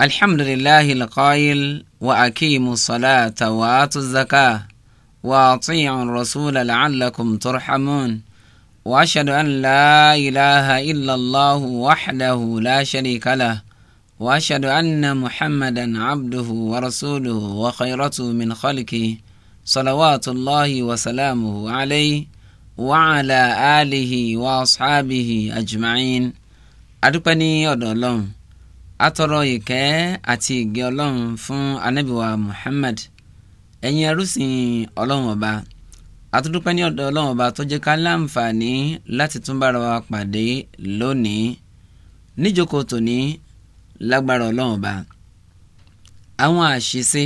الحمد لله القائل وأقيموا الصلاة وآتوا الزكاة وأطيعوا الرسول لعلكم ترحمون وأشهد أن لا إله إلا الله وحده لا شريك له وأشهد أن محمدا عبده ورسوله وخيرته من خلقه صلوات الله وسلامه عليه وعلى آله وأصحابه أجمعين أدقني يا atọrọ ìkẹ́ àti ìgẹ́ ọlọ́run fún anábìwá Muhammad ẹ̀yin arúsìn ọlọ́run ọba àtúndúpẹ́ ní ọ̀dọ̀ ọlọ́run ọba tó jẹ́ ká láǹfààní láti tún bára wa pàdé lónìí níjókòó tòní lágbára ọlọ́run ọba àwọn àṣìṣe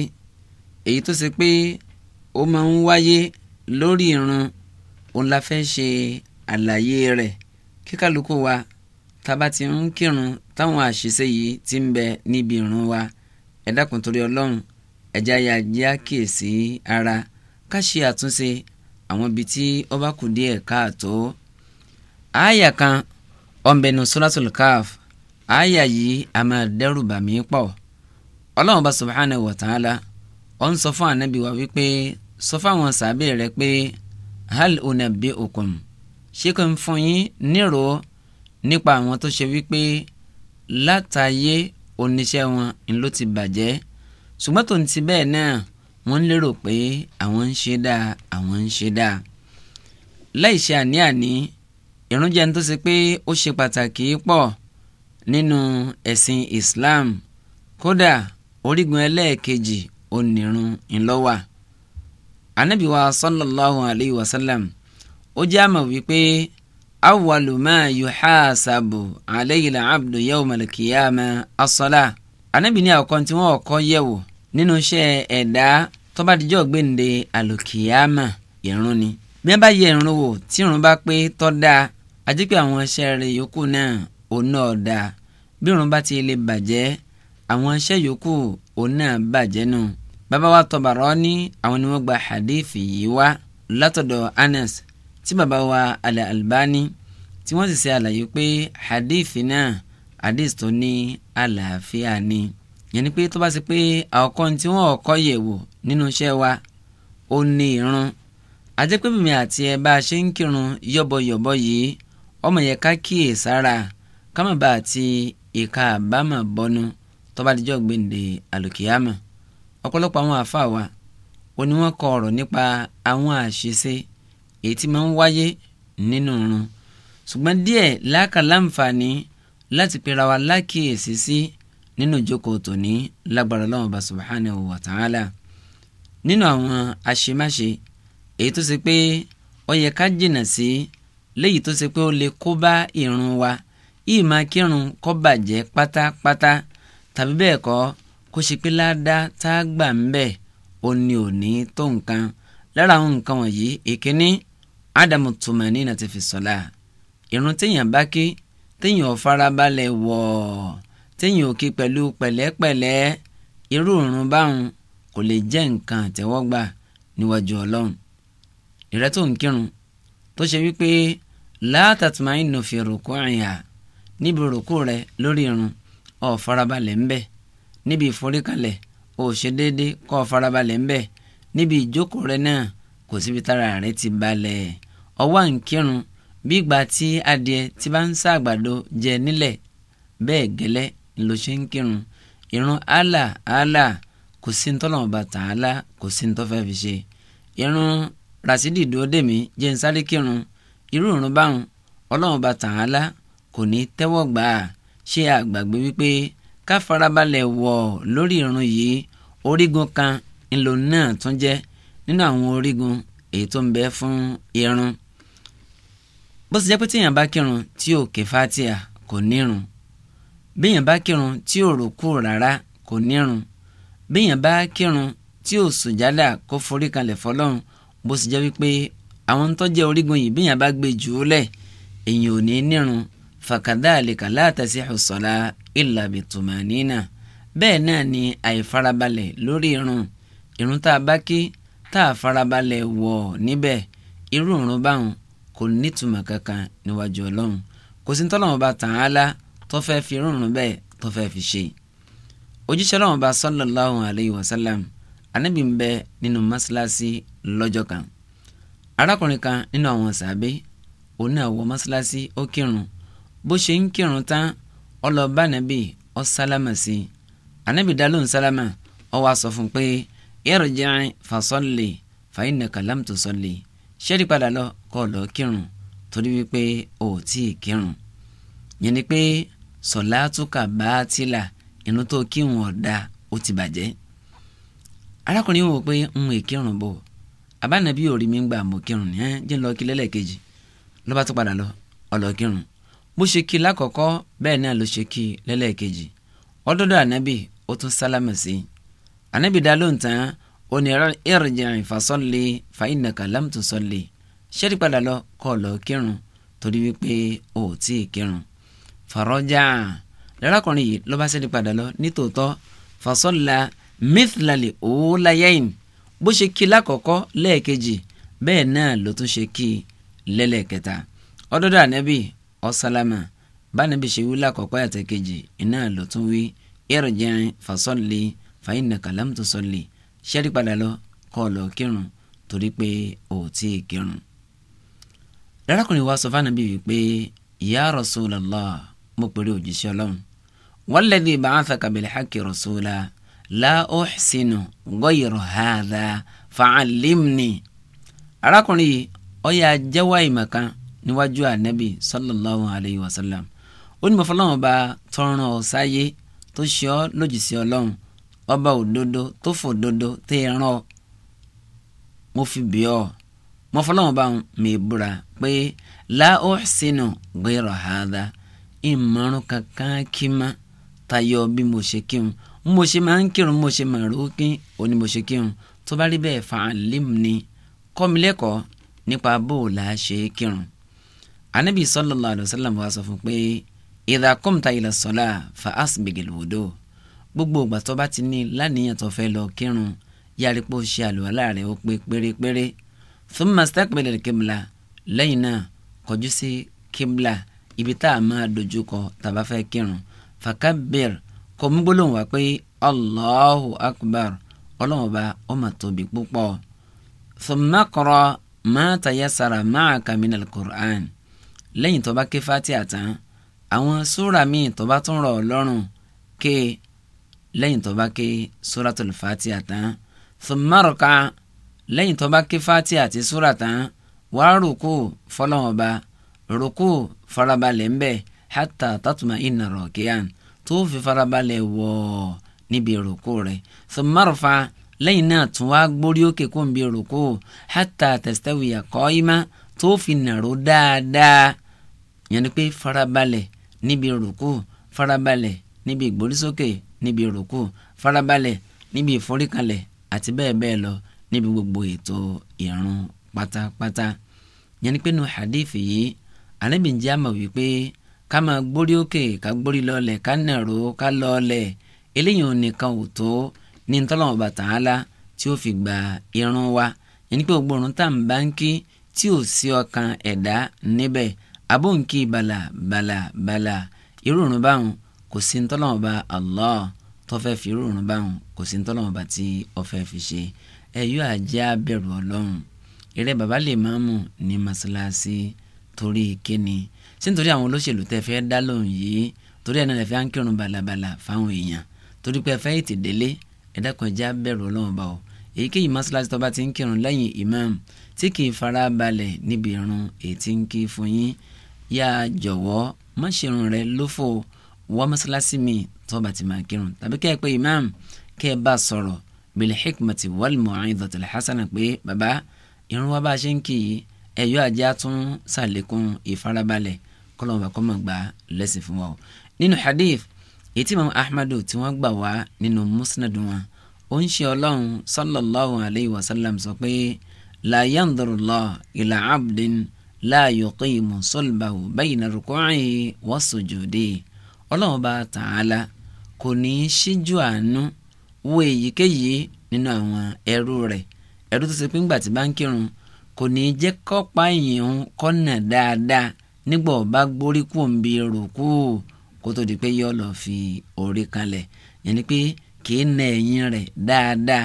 èyí tó ṣe pé ó máa ń wáyé lórí irun òun la fẹ́ ṣe àlàyé rẹ̀ kíkálukú wa tá a bá ti ń kírun táwọn àṣìṣe yìí ti ń bẹ níbi ìrun wa ẹ dákun torí ọlọ́run ẹ̀já ya jẹ́ àkíyèsí ara ká ṣe àtúnṣe àwọn ibi tí ó bá kù díẹ̀ káàtó. àáyà kan ọ̀nbẹ̀nu suratul Kahf àáyà yìí a máa dẹ́rù bà mí pọ̀ ọlọ́run bá subhanahu wa ta'ala ó ń sọ fún ànábì wa wípé sọ fáwọn sàbẹ̀ rẹ̀ pé hal unabbi'ukum ṣé kò ń fún yín nírò nípa àwọn tó ṣe wípé látàyé oníṣẹ́ wọn ńlọ ti bàjẹ́ ṣùgbọ́n tó ń ti bẹ́ẹ̀ náà wọ́n ń lérò pé àwọn ń ṣe dáa àwọn ń ṣe dáa láì ṣe àní-àní ìrun jẹ́ ní tó ṣe pé ó ṣe pàtàkì pọ̀ nínú ẹ̀sìn Islam kódà orígun ẹlẹ́ẹ̀kejì onírun ńlọ́wà anabiwa sallallahu alayhi wa sallam ó jẹ́ àmọ̀ wípé awwalu ma yuhasabu alayhi al-abdu yawma al-qiyama as-sala anabi ní àkọ́kọ́ tí wọ́n kọ́ yẹ̀wò nínú iṣẹ́ ẹ̀dá tó bá dijọ́ gbẹ̀ǹde alùkìyàmà ìrun ni bí wọ́n bá yẹ ìrun wò tí ìrun bá pé tó dáa àti pé àwọn iṣẹ́ rẹ̀ yòókù náà òun náà dáa bí ìrun bá ti lè bàjẹ́ àwọn iṣẹ́ yòókù òun náà bàjẹ́ nù bàbá wa Tabarani àwọn ni wọ́n gba hadithi yìí wá látọ̀dọ̀ Anas tí bàbá wa alẹ́ Albani tí wọ́n sì ṣe àlàyé pé hadith náà hadith tó ní àlàáfíà ni yẹn ni pé tó bá ṣe pé àkọ́kọ́ tí wọ́n ọ̀kọ́ yẹ̀ wò nínú iṣẹ́ wa ó ní irun àti pé bìmí àti ẹ bá a ṣe ń kírun yọ̀bọ̀yọ̀bọ̀ yìí ọmọ yẹn ká kíyè sára kámọ̀bá àti ìka àbámọ̀ bọnu tó bá dijọ́ gbèǹde àlùkìyàmọ̀ ọ̀pọ̀lọpọ̀ àwọn àfa wa oníwọ̀n kọ ọ̀rọ̀ nípa àwọn àṣìṣe èyí tí máa ń wáyé nínú irun ṣùgbọ́n díẹ̀ láàkà láǹfààní láti pera wa lákìyèsí sí nínú ìjókòó tòní lágbára lọ́wọ́ bá subhanahu wa ta'ala nínú àwọn àṣemáṣe èyí tó ṣe pé ó yẹ ká jìnnà sí léyìí tó ṣe pé ó lè kó bá ìrun wa yìí máa kírun kó bàjẹ́ pátápátá tàbí bẹ́ẹ̀ kọ́ kó ṣe pé ládàá tá a gbà ń bẹ̀ ó òní tó nǹkan lára àwọn nǹkan wọ̀nyí ìkíní. E ádámù tumani náà ti fi sọ̀lá irun téèyàn bá ké téèyàn ò farabalẹ̀ wọ̀ téèyàn ò ké pẹ̀lú pẹ̀lẹ́pẹ̀lẹ́ irú òrùn báwọn kò lè jẹ́ nǹkan àtẹ́wọ́gbà níwájú ọlọ́run ìrẹ́ tó ń kírun tó ṣe wípé látàtúmáì nù fi rùkú àyà níbi rùkú rẹ lórí irun ò ń bẹ̀ níbi ìforíkalẹ̀ ò déédéé kó o ń bẹ̀ níbi ìjókòó rẹ náà kò síbi tára rẹ ti balẹ̀ ọwọ́ ànkírun bí ìgbà tí adìẹ ti bá ń sá àgbàdo jẹ nílẹ̀ bẹ́ẹ̀ gẹ́lẹ́ ló ṣe ń kírun ìrun àlà àlà kò sí ní tọ́lọ́mù bàtà kò sí ní fi ṣe ìrun rasidi dòódèmí jẹ́ ń sáré kírun irú ìrun báwọn ọlọ́run bàtà àlà kò ní tẹ́wọ́ gbà á ṣe àgbàgbé wípé ká farabalẹ̀ wọ̀ lórí ìrun yìí orígun kan ńlò náà tún jẹ́ nínú àwọn orígun èyí tó ń bẹ fún irun. E bó ṣe jẹ́ pé tíyàn bá kírun tí ò ké fatia kò nírun bíyàn bá kírun tí ò rúkú rárá kò nírun bíyàn bá kírun tí ò sùjádà kó forí kalẹ̀ fọlọ́run bó ṣe jẹ́ wípé àwọn tó jẹ́ orígun yìí bíyàn bá gbé jù ú lẹ̀ èyàn ò ní nírun fakadhalika la tasihu sala illa bitumanina bẹ́ẹ̀ náà ni àìfarabalẹ̀ lórí irun irun tá a bá kí tá a farabalẹ̀ wọ̀ níbẹ̀ irú irun báwọn kò nítumọ̀ kankan níwájú ọlọ́run kò sí tọ́lọ́run bá tàn án lá tó fẹ́ fi rúnrún bẹ́ẹ̀ tó fẹ́ fi ṣe òjíṣẹ́ ọlọ́run bá sallallahu alayhi wa sallam anábì ń bẹ nínú mọ́ṣáláṣí lọ́jọ́ kan arákùnrin kan nínú àwọn sàbẹ́ òun náà wọ mọ́ṣáláṣí ó kírun bó ṣe ń kírun tán ó lọ bá nàbì ó sálámà sí i anábì dá lóhùn sálámà ó wá sọ fún un pé irji' fasalli fa innaka lam tusalli ṣẹ́ẹ́rì padà lọ kọ́ lọ kírun torí wípé o ò tí ì kírun yẹn ni pé sọ̀látùkà bá a ti là inú tó kírun ọ̀dà ó ti bàjẹ́ arákùnrin wò pé ń wè kírun bò abánabi ò rí mi gbà mọ́ kírun ní ẹ́ jẹ́ lọ́ọ́ kí lẹ́lẹ́kejì ló bá tún padà lọ ọ̀lọ́ kírun bó ṣe kí lákọ̀ọ́kọ́ bẹ́ẹ̀ náà ló ṣe kí lẹ́lẹ́kejì ọdọ́dọ̀ ànábì ó tún sálámà sí ànábì dá lóǹtàn ó ní irji' fasalli fa innaka lam tusalli ṣẹ́rí padà lọ kọ́ lọ kírun torí wípé o ò tí ì kírun fàrọ́jà lọ́lákùnrin yìí ló bá ṣẹ́rí padà lọ nítòótọ́ fasọ́là mithlali òwúlayẹ́yìn bó ṣe kí lákọ̀ọ́kọ́ lẹ́ẹ̀kejì bẹ́ẹ̀ náà ló tún ṣe kí lẹ́lẹ́kẹta ọdọ́dọ̀ ànẹ́bì ọ̀sálámà bánẹ́bì ṣe wí lákọ̀ọ́kọ́ àtẹ̀kejì iná ló tún wí irji'i fasọ́lì fa'innaka lam tusalli padà lọ kọ́ lọ kírun torí pé ò tí kírun lárakùnrin wa sọ fáwọn bíi pé ya Rasulullah mo pèrè òjíṣẹ́ ọlọ́run walladhi ba'athaka bilhaqqi rasula la uhsinu ghayra hadha fa'allimni arákùnrin yìí ó yà jẹ́wọ́ àìmọ̀kan níwájú ànábì sallallahu alayhi wa sallam ó ní mo fọlọ́run bá tọrọ ọ̀sáyé tó ṣe ọ́ lójíṣẹ́ ọlọ́run ọba òdodo tó fò dodo tẹ́ ẹ mo fi bì ọ́ mo fọlọ́wọ́n bá mi búra pé láò sínú gbèrò hàdá ìmọ̀rún kankan kí má tayọ bí mo ṣe kírun mo ṣe máa ń kírun mo ṣe máa rú kí òní mo ṣe kírun tó bá rí ni kọ́ mi lẹ́kọ̀ọ́ nípa bó anabi sallallahu alayhi wa sallam wa sọ fún pé idha qumta ila sọ́lá fa asbigil wudu gbogbo ìgbà tó bá ti ní lánìyàn tó fẹ́ lọ kírun yára pé o ṣe àlùwalá rẹ̀ ó pé thumma istaqbala al-qibla lẹ́yìn náà kọjú sí kíbla ibi tá a máa dojú kọ tàbá fẹ́ kírun fakabbir kò mú gbólóhùn wá pé allahu akbar ọlọ́run ọba ó mà tóbi púpọ̀ thumma qra ma tayassara ma'aka minal qur'an lẹ́yìn tó bá ké Fatiha tán àwọn súra míì tó bá tún rọ̀ lọ́rùn ké lẹ́yìn tó bá ké Suratul Fatiha tán thumma ruk'a lẹ́yìn tó bá ké fati àti súrà tán wàá rúkú fọlọ́wọ́n ba rúkú farabalẹ̀ ńbẹ̀ hátà tátùmá iná rọ̀kíyàn tó fi farabalẹ̀ wọ̀ níbi rúkú rẹ̀ sọmárùfà lẹ́yìn náà tún wá gbórí òkè kó ń bi rúkú hátà tẹ̀sítẹ́wìyà kọ́ ìmá tó fi nàró dáadáa yẹn ni pé farabalẹ̀ níbi rúkú farabalẹ̀ níbi ìgbórísókè níbi rúkú farabalẹ̀ níbi ìforíkalẹ̀ àti bẹ́ẹ̀ bẹ́ẹ̀ lọ níbi gbogbo ètò ìrun pátápátá yẹn ni pé nu hadithi yìí Ànábì ń jẹ́ àmọ̀ wípé ká máa gbórí òkè ká gbórí lọ́ọ̀lẹ̀ ká nàró ká lọ́ọ̀lẹ̀ eléyìí ò nìkan ò tó ní ntọ́lọ́wọ́n bàtà ńlá tí ó fi gba irun wa yẹn ni pé gbogbo òrùn tá à ń bá ń kí tí ò sí ọkàn ẹ̀dá níbẹ̀ abóǹkì bàlà bàlà bàlà irú òrùn báwọn kò sí ntọ́lọ́wọ́n bá Allah tó fẹ́ fi irú òrùn báwọn kò sí ntọ́lọ́wọ́n bá tí ó fẹ́ fi ṣe ẹ̀yọ́ àjẹ́ abẹ̀rù ọlọ́run eré bàbá lè máa mú ní mọ́ṣáláṣí torí kíni sí nítorí àwọn olóṣèlú tẹ́ fẹ́ dá lóhùn yìí torí ẹ̀nà lẹ́fẹ́ à ń kírun balabala fáwọn èèyàn torí pé ẹ̀fẹ́ ètè délé ẹ̀dákọ̀já bẹ̀rù ọlọ́run bá ọ èyíkéyìí mọ́ṣáláṣí tó ti ń kírun lẹ́yìn imam tí kì í fara balẹ̀ níbi irun ètí ń kí fún yín yá jọ̀wọ́ má rẹ lófò wá mọ́ṣáláṣí mi tó bá ti máa kírun tàbí kẹ́ ẹ pé imam kẹ́ ẹ bá sọ̀rọ̀ bilhikmati wal mu'izati alhasana pé bàbá irun wa bá a ṣe ń kì í ẹ̀yọ́ ajé atún sàlékún ìfarabalẹ̀ kọ́lọ́mọba kọ́ mọ̀ gbà lẹ́sìn fún wa o nínú hadith ètí imam ahmadu tí wọ́n gbà wá musnadu wọn ó ń ṣe sallallahu alayhi wa sallam sọ pé la yandurullahu ila abdin la yuqimu sulbahu bayna ruku'i wa sujudi ọlọ́run bá tààlà kò ní í ṣíjú wo èyíkéyìí nínú àwọn ẹrú rẹ̀ ẹrú tó ṣe pé ńgbà tí bá ń kírun kò ní í jẹ́ kọ́pa ìyẹn kọ́nà dáadáa nígbà ọba gbórí kù ń bi rùkú kó tó di pé yọ lọ fi orí kalẹ̀ yẹn ni pé kìí na ẹ̀yìn rẹ̀ dáadáa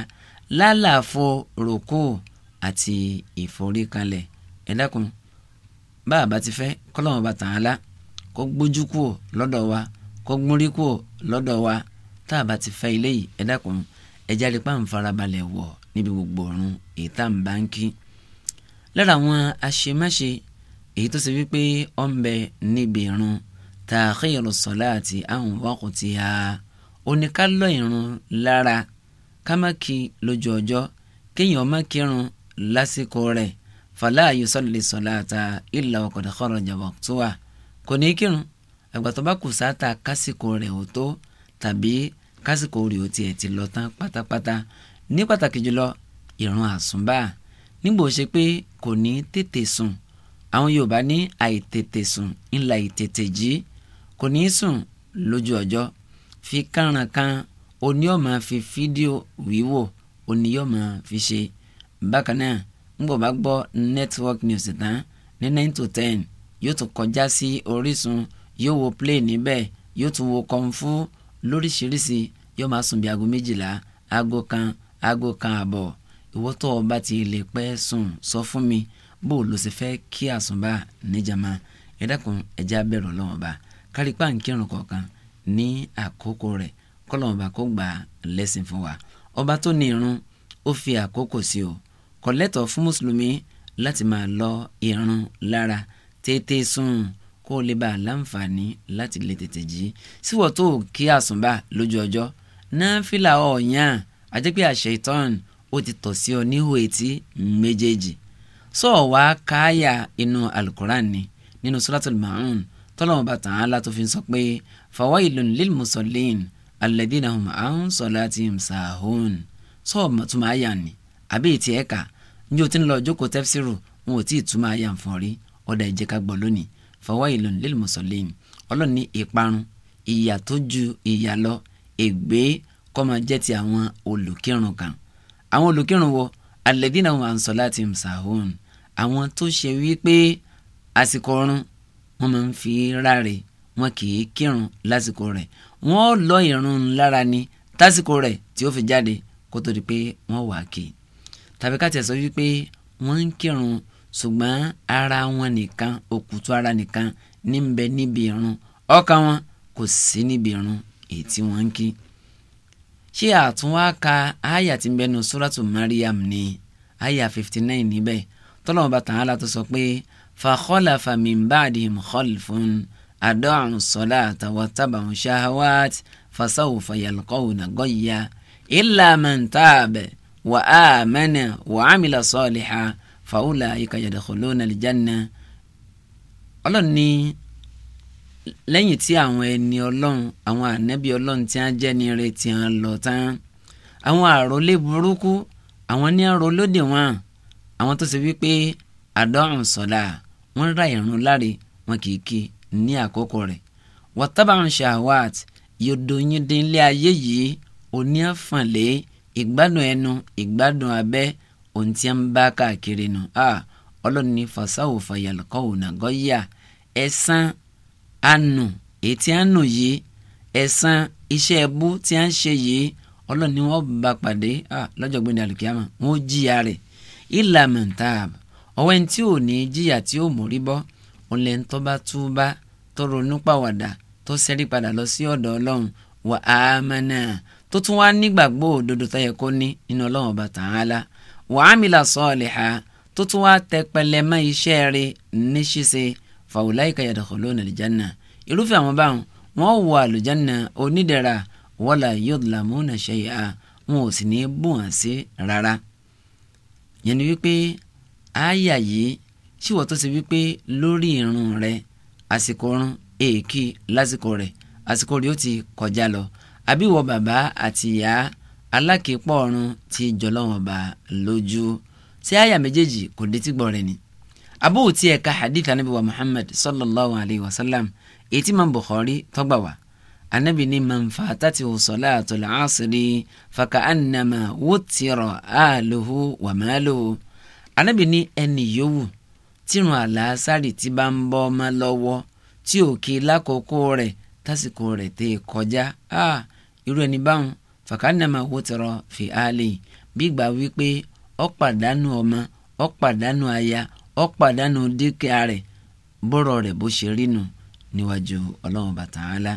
lálàfo rùkú àti ìforíkalẹ̀ ẹ dákun bá a bá ti fẹ́ kọ́lọ́mù tàn án lá kó gbójú kù lọ́dọ̀ wa kó gbórí kù lọ́dọ̀ wa tá a bá ti fẹ́ ilé yìí ẹ dákun ẹ jáde pa ń farabalẹ̀ wọ̀ níbi gbogbo ọ̀run èyí tá ń bá ń kí. lára àwọn àṣemáṣe èyí tó ṣe wípé ó ń bẹ níbi irun tààkìrì sọláàtì àwọn wákùtì ha oníkálọ̀ irun lára kámákì lójú ọjọ́ kéèyàn má kírun lásìkò rẹ̀ fàlàyé sọlẹ̀ sọláàtà ìlà ọ̀kọ̀dọ̀kọ̀rọ̀ jàbọ̀ tó wà kò ní kírun àgbàtọ́ bá kù sáà ta kásìkò rẹ̀ ò tó tàbí kásìkò orí o tiẹ̀ ti lọ tán pátápátá ní pàtàkì jùlọ ìrun àsùnbà nígbò ṣe pé kò ní tètè sùn àwọn Yorùbá ní àìtètè sùn ńlá ìtètè jí kò ní sùn lójú ọjọ́ fi kànrànkàn oní ó fi fídíò wíwò oní ó fi ṣe bákan náà ńgbọ̀ bá gbọ́ network news tán ní nine to ten yóò tún kọjá sí Orísun yóò wo play níbẹ̀ yóò tún wo kọ́ńfù lóríṣiríṣi yóò máa sùn bí aago méjìlá aago kan aago kan àbọ̀ ìwọ tó o bá ti lè pẹ́ sùn sọ fún mi bó o lọ sí fẹ́ kí àsùnbà níjàmá ẹ dákun ẹjẹ́ abẹ́rù ọlọ́wọ́n bá kárípà ń kírun kọ̀ọ̀kan ní àkókò rẹ̀ kọ́lọ́wọ́n bá kó gbà lẹ́sìn fún wa ọba tó ní irun ó fi àkókò sí o kò fún mùsùlùmí láti máa lọ irun lára tètè sùn kó o lè bá a láǹfààní láti lè tètè jí síwọ́ tó kí àsùnbà lójú ọjọ́ náfìlà ọ̀yàn àti pé àṣẹ ìtọ́n ó ti tọ̀ sí ọ níhò etí méjèèjì sọ káyà inú alukoran ni nínú suratul maun tọ́lọ́mù bàtà ńlá tó fi sọ pé fawailun lil musallin alladhina hum an salatihim sahun sọ ọ̀túnmọ̀ àyà ni àbí ètí ẹ̀ka ní o ti ń lọ jókòó tafsiru wọn ò tí ì túmọ̀ àyà ọ̀dà ìjẹ́ká gbọ́ lónìí fawailun lil musallin ọlọ́run ní ìparun ìyà tó ju ìyà lọ ègbé kó máa jẹ́ ti àwọn olùkírun kan àwọn olùkírun wọ alladhina hum an salatim sahun àwọn tó ṣe wípé àsìkò ọrùn wọn máa ń fi ráre wọn kì í kírun lásìkò rẹ̀ wọn lọ ìrun lára ni tásìkò rẹ̀ tí ó fi jáde kó tó di pé wọn wà á kì í tàbí ká tẹ̀sọ́ wípé wọ́n ń kírun ṣùgbọ́n ara wọn nìkan òkùtù ara nìkan ní ń bẹ níbi irun ọkàn wọn kò sí níbi irun èyí tí wọ́n ń kí. ṣé àtúnwá ka àyà tí ń bẹnu suratu Maryam ní àyà fifty nine níbẹ̀ tọ́lọ́mù bá tàn án látọ̀ sọ pé fakhalafa min ba'dihim khalfun ada'u salata wattaba'u shahawat fasawfa yalqawna ghayya illa man taaba wa amana wa amila salihan fàwọlà ìkàyàdàkọlọ nàlìjánná ọlọ́run ní lẹ́yìn tí àwọn ẹni ọlọ́run àwọn ànábì ọlọ́run tí wọ́n jẹ́ ní ire tí wọ́n lọ tán àwọn àròlé burúkú àwọn ní àròlódì wọn àwọn tó ṣe wípé àdọ́rùn sọ̀dà wọ́n ra ìrun láre wọn kì í kí ní àkókò rẹ̀ wọ́tábàrún shahwat yòdò yín dín ilé ayé yìí oníàfànlé ìgbádùn ẹnu ìgbádùn abẹ́ ohun tí a ń bá káàkiri nù a ọlọ́run ní fasáwò fàyàlùkọ́ ònà gọ́yà ẹ̀sán àánú èyí tí àánú yìí ẹ̀sán iṣẹ́ ẹbú tí a ń ṣe yìí ọlọ́run ní wọ́n bá pàdé a lọ́jọ́ gbẹ́ni àlùkìyàmọ̀ wọ́n jìyà rẹ̀ ìlàmùtàb ọwọ́ ẹni tí ò ní jìyà tí ó mórí bọ́ ọ̀lẹ́ ń tọ́ba túbá tó ronú pàwàdà tó ṣẹ́rí padà lọ sí ọ̀dọ̀ ọlọ́run wà á mẹ́nà tó tún wá nígbàgbọ́ òdodo tó kó ní nínú ọlọ́run ọba tààlà wàhámìlà sọ́ọ̀lìhà tó tún wá tẹ pẹlẹmọ iṣẹ́ rẹ̀ ní ṣíṣe fàwùláìka yadkhuluna aljanna irúfẹ́ àwọn báwọn wọ́n wọ àlùjánà onídẹ̀ra wala yudlamuna shay'a wọn ò sì ní bùn hàn sí rárá. yẹn ni wípé àáyà yìí ṣíwọ́ tó ṣe wípé lórí irun rẹ̀ àsìkò irun èèkì lásìkò rẹ̀ àsìkò rẹ̀ ó ti kọjá lọ àbí wọ bàbá àti ìyá alákìípọ̀ ọ̀run ti jọlọ́wọ́n ba lójú tí àyà méjèèjì kò dé tí gbọ́ rẹ̀ ni abúrò tí ẹ̀ka hadith anabi wa muhammad sallallahu alayhi wa sallam èyí tí Imam Bukhari tọ́gbà wá anabi ni man fatati salatul asri fakaannama wutira ahluhu wa maluhu anabi ni ẹni yòówù tírun àlàásárì tí bá ń bọ́ ọmọ lọ́wọ́ tí òkè lákòókò rẹ̀ tásìkò rẹ̀ tẹ́ kọjá ah, irú ẹni báwọn fàkànnàmà wòtìrọ fi àlè bí gbà wípé ó pàdánù ọmọ ó pàdánù aya ó pàdánù dúkìá rẹ̀ bọ́rọ̀ bó ṣe rí níwájú ọlọ́run bàtà ńlá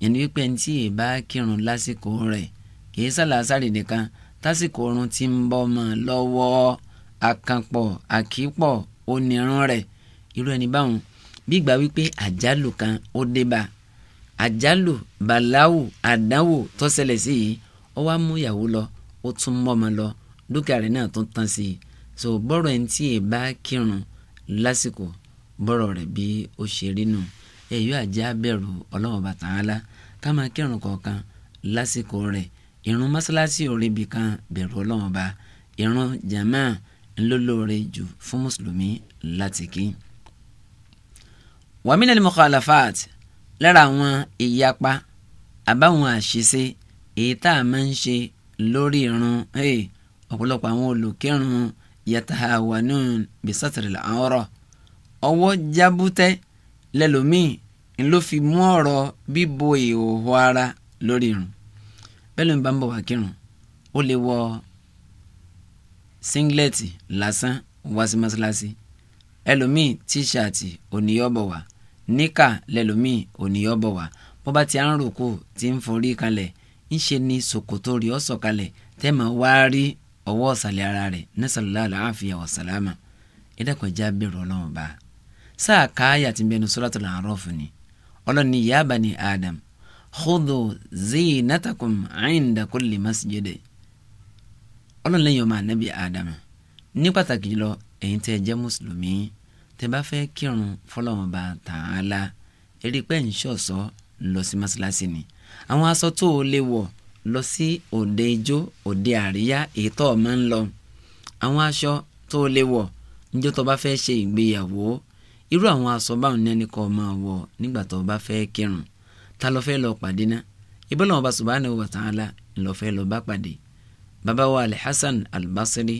yẹn ni wípé ẹni tí èèbá kírun lásìkò rẹ̀ kì í sàlàsàrì nìkan tásìkò oorun ti ń bọ́ mọ́ lọ́wọ́ akànpọ̀ àkípọ̀ onírun rẹ̀ irú ẹni báwọn bí gbà wípé àjálù kan ó dé àjálù bàláwù àdánwò tó ṣẹlẹ̀ sí yìí ó wá mú ìyàwó lọ ó tún mọ́mọ lọ dúkìá rẹ̀ náà tún tán sí i so bọ́rọ̀ ẹni tí ì bá kírun lásìkò bọ́rọ̀ rẹ̀ bí ó ṣe rí nù ẹ̀yọ́ àjẹ́ abẹ́rù ọlọ́wọ́n bàtà ńlá ká máa kírun kọ̀ọ̀kan lásìkò rẹ̀ ìrun mọ́sálásí òrebi kan bẹ̀rù ọlọ́wọ́n bá ìrun jàmá ńlọ́lọ́ọ̀rẹ́ jù fún mùsùlùmí láti kí. wàmínà ni mọ̀kànlá fáàtì lára àwọn ìyapa àbáwọn àṣìṣe èyí tá a máa ń ṣe lórí irun ọ̀pọ̀lọpọ̀ àwọn olùkírun yatahawanun bisatril awra ọwọ́ jábútẹ́ lẹ́lòmíì ń ló fi mú ọ̀rọ̀ bíbo ìhòòhò ara lórí irun bẹ́ẹ̀ ló ń bá ń bọ̀ wá kírun ó lè wọ singlet lásán wá sí mọ́ṣáláṣí ẹlòmíì tíṣàtì òníyọ́ bọ̀ wá níkà lẹ́lòmíì òníyọ́ bọ̀ wá bó bá ti à ń rùkú tí ń forí kalẹ̀ ńṣe ni ṣòkòtò rí ọ̀sọ̀ kalẹ̀ tẹ́mọ̀ wá rí ọwọ́ ọ̀sàlẹ̀ ara rẹ̀ nasallallahu alaihi wa ẹ̀dẹ́kọ̀já bẹ̀rù ọlọ́run bá sáà káyà ti bẹnu suratul A'raf ni ọlọ́ni ya bani Adam khudhu zinatakum 'inda kulli masjid ọlọ́ni lẹ́yìn ọmọ anabi Adam ní pàtàkì jùlọ ẹ̀yin tẹ́ jẹ́ mùsùlùmí tẹ́ bá fẹ́ kírun fọlọ́run bá tààlà eré pẹ́ ń ṣọ̀ṣọ́ lọ sí mọ́ṣáláṣí ni àwọn aṣọ tó o lè wọ̀ lọ sí òde ijó òde àríyá èyí tó o máa ń lọ àwọn aṣọ tó o lè wọ̀ níjọ́ tó bá fẹ́ ṣe ìgbéyàwó irú àwọn aṣọ báwọn náà ni kò máa wọ̀ nígbà tó o bá fẹ́ kírun ta ló fẹ́ lọ pàdé náà ibẹ̀ lọ́wọ́ bá subhanahu wa ta'ala ńlọ fẹ́ lọ bá pàdé bàbá wa alhassan albasri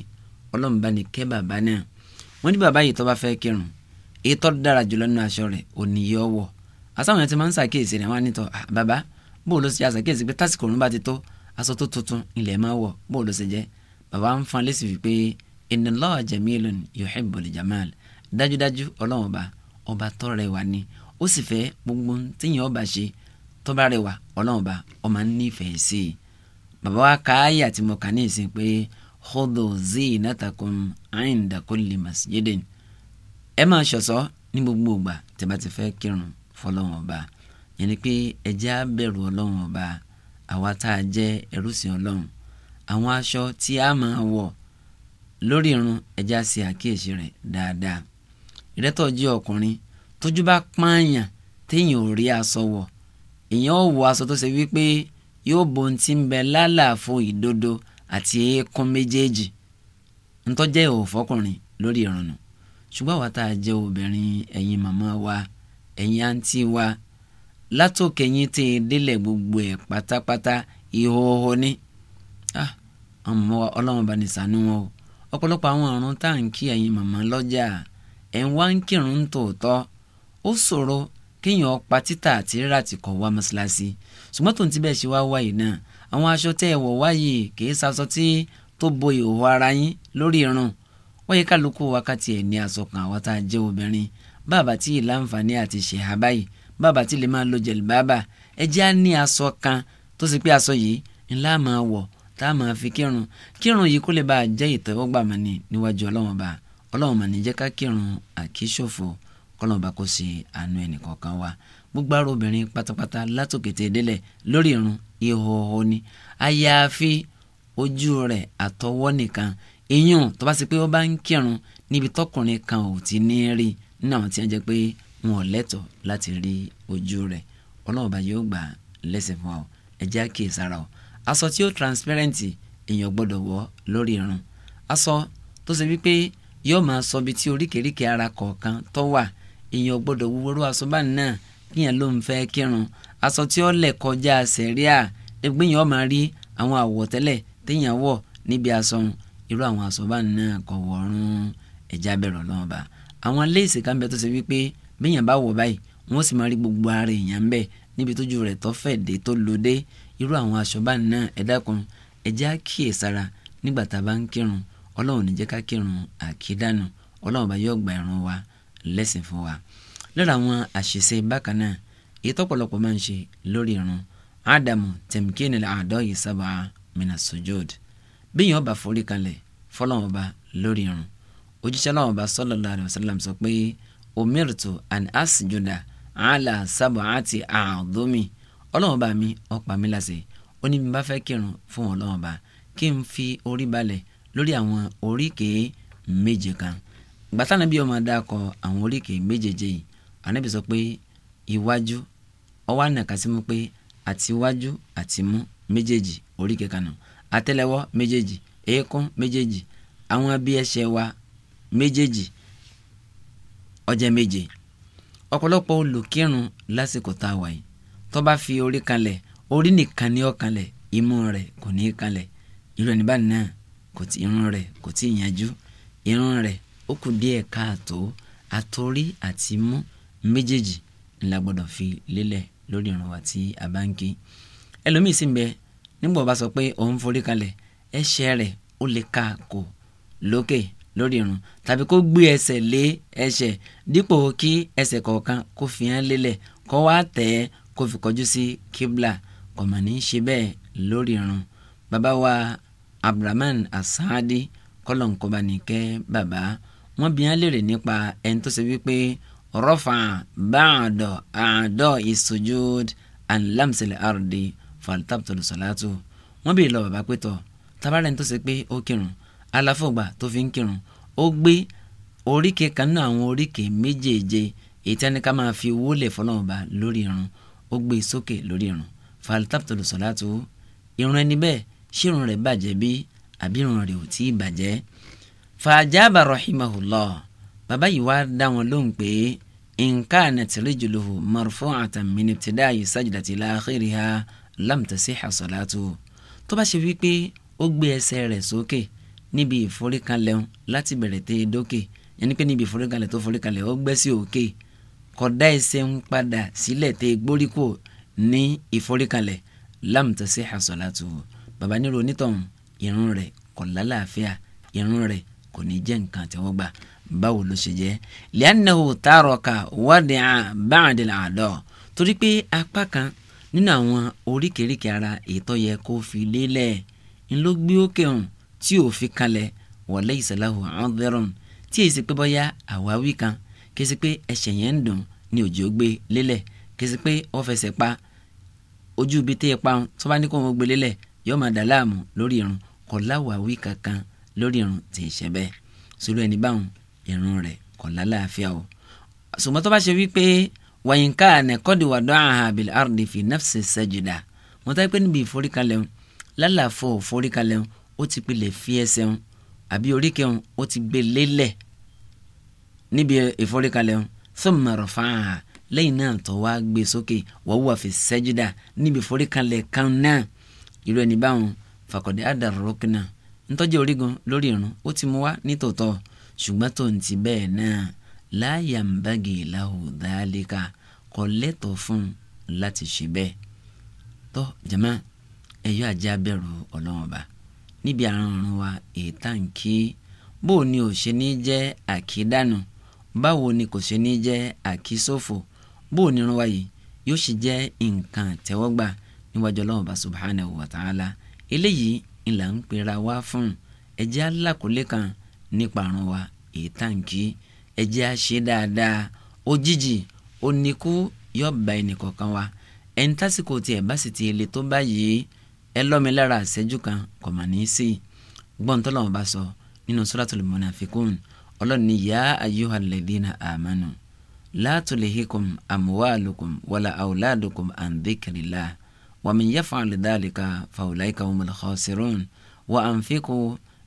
ọlọ́mùbánikẹ́ bàbá náà wọ́n ní bàbá yìí tó bá fẹ́ kírun èyí tó dára jùlọ nínú aṣọ rẹ̀ òní yọ wọ̀ àsáwọn yẹn ti máa ń ṣàkíyèsí rẹ̀ wọ́n á nítọ́ ah, bàbá bóòlù ṣe àṣàkíyèsí pé tásìkò òun bá ti tó aṣọ tó tuntun ilẹ̀ máa wọ̀ bóòlù ṣe jẹ́ bàbá ń fan lẹ́sìn wípé inna Allaha jamilun yuhibbul jamal dájúdájú ọlọ́run ọba ọba tó rẹwà ni ó sì fẹ́ gbogbo tíyẹn ọba ṣe tó bá rẹwà ọlọ́run ọba khudhu zinatakum inda kulli masjidin ẹ máa ṣọ̀ṣọ́ ní gbogbo ìgbà tẹ́ bá ti fẹ́ kírun fọlọ́wọ́n ọba yẹn ni pé ẹ jẹ́ á bẹ̀rù ọlọ́run ọba àwa tá a jẹ́ ẹrúsìn ọlọ́run àwọn aṣọ tí a máa wọ̀ lórí irun ẹ jẹ́ á ṣe àkíyèsí rẹ̀ dáadáa ìrẹ́tọ̀ jẹ́ ọkùnrin tójú bá pààyàn téèyàn ò rí aṣọ wọ̀ èèyàn ò wọ aṣọ tó ṣe wípé yóò bo ohun tí ń bẹ lálàfo ìdodo àti eékún méjèèjì ntọ́jẹ́ òfọkùnrin lórí ìrònú ṣùgbọ́n àwa tá a jẹ́ obìnrin ẹ̀yin màmá wa ẹ̀yin àǹtí wa látòkè yín tí ì délẹ̀ gbogbo ẹ̀ pátápátá ìhòòhò ni ọmọ ah, ọlọ́run bá ní ṣàánú wọn o ọ̀pọ̀lọpọ̀ àwọn àrùn tá à ń kí ẹ̀yin màmá lọ́jà ẹ̀ ń wá ń kírun ń tòótọ́ ó ṣòro kéèyàn pa títà àti rírà ti kọ̀ wá mọ́ṣáláṣí ṣùgbọ́n tó ti bẹ́ẹ̀ ṣe wá wáyé náà àwọn aṣọ tẹ́ ẹ wọ̀ wáyé kìí ṣaṣọ tí tó bo ìhòòhò ara yín lórí irun wọ́n yẹ kálukú wákàtí ẹ̀ ní aṣọ kan àwọn tá a jẹ́ obìnrin bàbá tí ì láǹfààní àti ṣèhà báyìí bàbá tí lè máa lo jẹ̀lìbábà ẹ jẹ́ á ní aṣọ kan tó sì pé aṣọ yìí ńlá máa wọ̀ tá a máa fi kírun kírun yìí kó lè bá a jẹ́ ìtẹ́wọ́gbà mọ́ ni níwájú ọlọ́wọ́n bá ọlọ́wọ́n mọ̀ ní jẹ́ ká kírun àkíṣòfò kọ́lọ́ọ̀bá kó ṣe àánú ẹnìkọ̀ọ̀kan wa gbogbo ara obìnrin pátápátá látòkété délẹ̀ lórí irun ìhòòhò ni ayaafi ojú rẹ̀ àtọwọ́ nìkan eyín tó bá ṣe pé ó bá ń kírun níbi tọkùnrin kan ò ti ní rí nínú àwọn tí wọ́n jẹ́ pé wọn ò lẹ́tọ̀ọ́ láti rí ojú rẹ̀ ọlọ́ọ̀bá yóò gbà lẹ́sẹ̀ fún ọ ẹ̀jẹ̀ àkíyèsára ọ aṣọ tí ó transparent èèyàn gbọ́dọ̀ wọ̀ lórí irun aṣọ tó ṣe wípé yóò máa sọ bí tí oríkèéríkèé ara kọ̀ọ̀kan tó wà èèyàn gbọ́dọ̀ wúworú aṣọ báyìí náà kíyàn ló ń fẹ́ kírun aṣọ tí ó lẹ̀ kọjá sẹ̀ríà gbìyànjú máa rí àwọn àwọ̀tẹ́lẹ̀ téèyàn wọ̀ níbi aṣọ irú àwọn aṣọ bá náà kọ̀ wọ̀ọ́rùn ẹ̀já bẹ̀rọ̀ lọ́wọ́ bá àwọn léèsì kan bẹ tó ṣe wípé béèyàn bá wọ̀ báyìí wọ́n sì máa rí gbogbo ara èèyàn bẹ́ẹ̀ níbi tójú rẹ̀ tó fẹ̀ dé tó lóde irú àwọn aṣọ bá náà ẹ dákun ẹ jẹ́ nígbà tá a bá ń kírun ọlọ́run ní jẹ́ ká kírun àkídànù ọlọ́run bá yóò gba ìrun wa lẹ́sìn fún wa lára àwọn àṣìṣe bákan náà èyí tọ́pọ̀lọpọ̀ máa ń ṣe lórí irun ádámù tẹ̀mkínì àádọ́ yìí sábà mina sojod bíyàn ọba forí kalẹ̀ fọlọ́wọn ọba lórí irun òjíṣẹ́ láwọn ọba sallallahu alaihi wasallam sọ pé omirtu an asjuda ala sab'ati a'dumi ọlọ́wọ́n ọba mi ó pa mí láṣẹ ó ní bí n bá fẹ́ kírun fún ọlọ́wọ́n ọba kí n fi orí balẹ̀ lórí àwọn oríkèé méje kan gbàtà bí ọmọ adá kọ àwọn oríkèé méjèèjì yìí anabi sọ pé iwájú ọwọ́ ànàkásí mú pé àti iwájú àti mú méjèèjì orí kẹkànnà àtẹ́lẹwọ́ méjèèjì eékún méjèèjì àwọn bí ẹsẹ̀ wa méjèèjì ọjẹ méje ọ̀pọ̀lọpọ̀ olùkírun lásìkò tá a wà yìí tó bá fi orí kanlẹ̀ orí nìkan ni ó kanlẹ̀ imú rẹ̀ kò ní í kanlẹ̀ irú ẹni báyìí náà kò tí irun rẹ̀ kò tí ì yanjú irun rẹ̀ ó kù díẹ̀ káàtó àtorí àti mú méjèèjì ńlá gbọ́dọ̀ fi lélẹ̀ lórí ìrun wa tí a bá ń kí ẹlòmíì sì ń bẹ nígbà bá sọ pé òun forí kalẹ̀ ẹsẹ̀ rẹ̀ ó lè ka kò lókè lórí ìrun tàbí kó gbé ẹsẹ̀ lé ẹsẹ̀ dípò kí ẹsẹ̀ kọ̀ọ̀kan kó fi hàn lélẹ̀ kó wá tẹ̀ ẹ́ kó fi kọjú sí kíbla kò ní ṣe bẹ́ẹ̀ lórí ìrun bàbá wa Abdulrahman Asaadi kọlọ̀nkọba nìkẹ́ bàbá wọ́n bi hàn léèrè nípa ẹni tó ṣe wípé رفع بعد أعداء السجود عن لمس الأرض فلتبطل صلاته wọ́n bèèrè lọ bàbá pé tọ́ tabarẹ́ni tó ṣe pé ó kírun aláfọ̀gbà tó fi ń kírun ó gbé oríkè kan náà àwọn oríkè méjèèje èyí tí a ní ká máa fi wólẹ̀ fọlọ́mọba lórí irun ó gbé e sókè lórí irun falitapitolo sọ̀láàtù irun ẹni bẹ́ẹ̀ ṣírun rẹ̀ bàjẹ́ bí àbí rẹ̀ ò tí ì bàjẹ́ fàjábà rahimahullah bàbá yìí wá dá wọn lóhùn pé nǹkan ànàtìrí jùlọhù mọ̀rọ̀fọ́ àtàmìnìtì dá yìí sájìdá ti láàkiri ha lámtàsí àsọ̀látò tó bá ṣe wípé ó gbé ẹsẹ̀ rẹ̀ sókè níbi ìforíkanlẹ̀ láti bẹ̀rẹ̀ tẹ́ dókè yẹnni pé níbi ìforíkanlẹ̀ tó foríkanlẹ̀ ó gbẹ́ sí òkè kódà ẹsẹ̀ ń padà sílẹ̀ tẹ́ gbóríkò ní ìforíkanlẹ̀ lámtàsí àsọ̀látò bàbá nílò onítọ̀hún ìrun rẹ̀ kò lálàáfíà ìrun rẹ̀ kò ní jẹ́ nǹkan àtẹ́wọ́gbà báwo ló ṣe jẹ́ li'annahu taraka wadi'a ba'd al-a'da torí pé apá kan nínú àwọn oríkèéríkèé ara ètò yẹ kó fi lélẹ̀ ńlọ gbé òkè hàn tí ò fi kalẹ̀ wa laysa lahu 'udhrun tí èyí sì pé bọ́yá àwáwí kan kí sì pé ẹsẹ̀ yẹn ń dùn ní òjò gbé lélẹ̀ kí sì pé ó fẹsẹ̀ pa ojú ibi tẹ́ ẹ pa ohun tó bá ní kó wọn gbé lélẹ̀ yóò máa dà láàmú lórí irun kò láwàáwí kankan lórí irun tí ì ṣe bẹ́ẹ̀ sùúrù ẹni báwọn irun rẹ̀ kò lálàáfíà o ṣùgbọ́n tó bá ṣe wípé wàyínká nẹ́kọ́dì wà dọ́ àhàn àbìl àrùndì fi nafsi sajida wọ́n tẹ́ pé níbi ìforíkalẹ̀ ń lálàfo ìforíkalẹ̀ ń ó ti pilẹ̀ fi ẹsẹ̀ ń àbí oríkẹ́ ń ó ti gbé lélẹ̀ níbi ìforíkalẹ̀ ń thumma rafaha lẹ́yìn náà tó wá gbé sókè wa huwa fi sajida níbi ìforíkalẹ̀ kan náà irú ẹni báwọn fàkọ̀dé àdàrọ̀ rọ́kìnà ńtọ́jú orígun lórí irun ó ti mú wá nítòótọ́ ṣùgbọ́n tó ń ti bẹ́ẹ̀ náà láàyà ń bági ìlàhù dáálíkà kò lẹ́tọ̀ọ́ fún láti ṣe bẹ́ẹ̀ tó jama ẹ̀yọ́ ajá bẹ̀rù ọlọ́run ọba níbi àrùn wa ètàǹkì bó ni ò ṣe ní jẹ́ àkídànù báwo ni kò ṣe ní jẹ́ àkísòfò bó ni irun wa yìí yóò ṣe jẹ́ nǹkan àtẹ́wọ́gbà níwájú ọlọ́run ọba subhanahu wa ta'ala eléyìí ńlá ń pera wá fún ẹ̀jẹ̀ alákòólé kan nípa àrùn wa èyí tàǹkì ẹ jẹ́ á ṣe dáadáa òjijì oníkú yóò bá ẹnì kọ̀ọ̀kan wa ẹni tásìkò tiẹ̀ bá sì ti le tó báyìí ẹ lọ́mi lára àṣẹ́jú kan kò mà ní í sí i gbọ́ntọ́lọ́wọ́n bá sọ nínú suratul munafikun ọlọ́ni yá ayyuhal ladina amanu la tulihikum amwalukum wala awladukum an dhikrillah wa man yaf'al dhalika fa ulaika humul khasirun wa anfiqu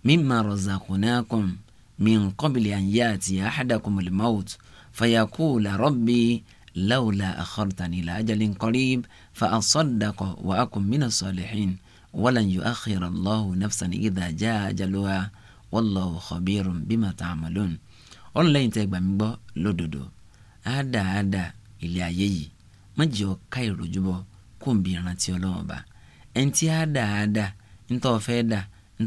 mimma razaqnakum min qabli an ya'tiya ahadakumul mawt fayaqula rabbi lawla akhartani ila ajalin qarib fa asaddaqa wa akun minas salihin walan yu'akhkhira Allahu nafsan idha jaa ajaluha wallahu khabirun bima ta'malun ọ̀nlẹ́yìn tẹ́ gbàmí gbọ́ lódodo àádáadáa ilé ayé yìí má jẹ́ ọ ká ìròjú bọ́ kó n bí ìrántí ọlọ́wọ́n bá ẹni tí àádáadáa ń tọ́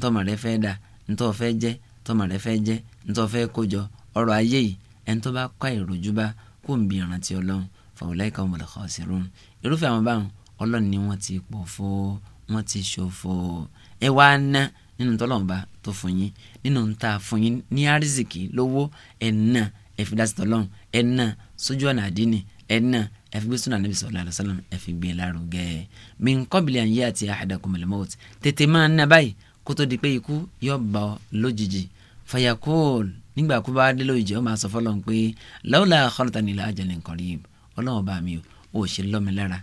ntọ́mọ rẹ fẹ́ dà ntọ́ fẹ́ jẹ́ tọ́mọ rẹ fẹ́ jẹ́ ntọ́ fẹ́ kójọ ọrọ̀ ayé yìí ẹni tó bá kọ́ ìròjú bá kó ń bi ìrántí ọlọ́run fàwùláìka ọmọ lọ́kọ́ ọ̀sẹ̀rún irúfẹ́ àwọn báwọn ọlọ́run ni wọ́n ti pọ̀ fó wọ́n ti ṣòfò ẹ wá ná nínú tọ́lọ́mùbá tó fún yín nínú ta fún yín ní àrísìkì lówó ẹ̀ ná ẹ̀ fi dásìtọ̀ ọlọ́run ẹ̀ ná sójú ọ̀nà àdínì ẹ̀ ná ẹ̀ fi gbé súnà níbi sọ̀rọ̀ àlọ́ sálọ̀m ẹ̀ fi gbé e lárugẹ. mi nkọ́bìlì àyè àti àhàdàkùnmọ̀lẹ́mọ́t tètè máa ná báyìí kó tó di pé ikú yóò bá ọ lójijì fayakol nígbà kú bá dé lójijì ó máa sọ fọlọ́n pé lawla akhartani ila ajalin qarib ọlọ́wọ́ bá mi ò ṣe lọ́mi lára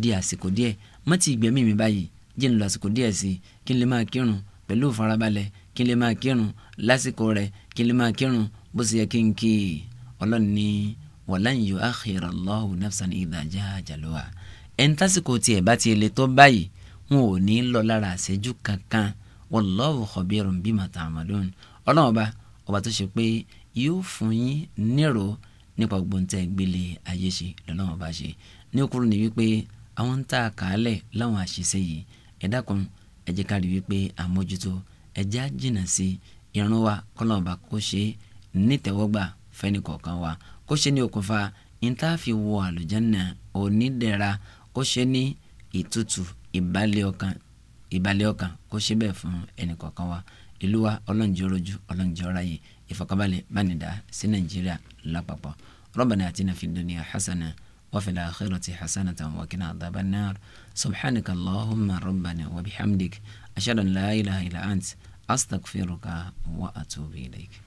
di àsìkò díẹ̀ mọ́tì ìgbẹ́mí mi báyìí jẹ́ ń lọ àsìkò díẹ̀ sí i kí n lè máa kírun pẹ̀lú farabalẹ̀ kí n lè máa kírun lásìkò rẹ̀ kí n lè máa kírun bó ṣe yẹ kí n kí i ọlọ́run ní wallahu khabirun bima ta'malun ọlọ́run ọba ọba tó ṣe pé yóò fún yín nírò nípa gbóǹtẹ̀ gbélé ayé ṣe lọ́lọ́run ọba ṣe ní òkúrú ni wípé àwọn ń tà kálẹ̀ láwọn àṣìṣe yìí ẹ dákun ẹ jẹ́ ká rí wípé àmójútó ẹ jẹ́ á jìnnà sí irun wa kọ́lọ́run ọba kó ṣe nítẹ̀wọ́gbà fẹ́ni kọ̀ọ̀kan wa kó ṣe ní okùnfà ìntàfi wọ àlùjánnà onídẹ̀ra kó ṣe ní ìtutù ìbálẹ̀ ọkàn ìbàlẹ̀ ọkàn kó ṣe bẹ́ẹ̀ fún ẹnìkọ̀ọ̀kan wa ìlú wa ọlọ́njẹ́ rojú ọlọ́njẹ́ ọ̀ráyè ìfọ̀kànbalẹ̀ bánidá sí nàìjíríà lápapọ̀ rabbana atina fid dunya hasana wa fil akhirati hasanatan wa qina adhaban nar subhanaka allahumma rabbana wa bihamdik ashhadu la ilaha illa ant astaghfiruka wa atubu ilayk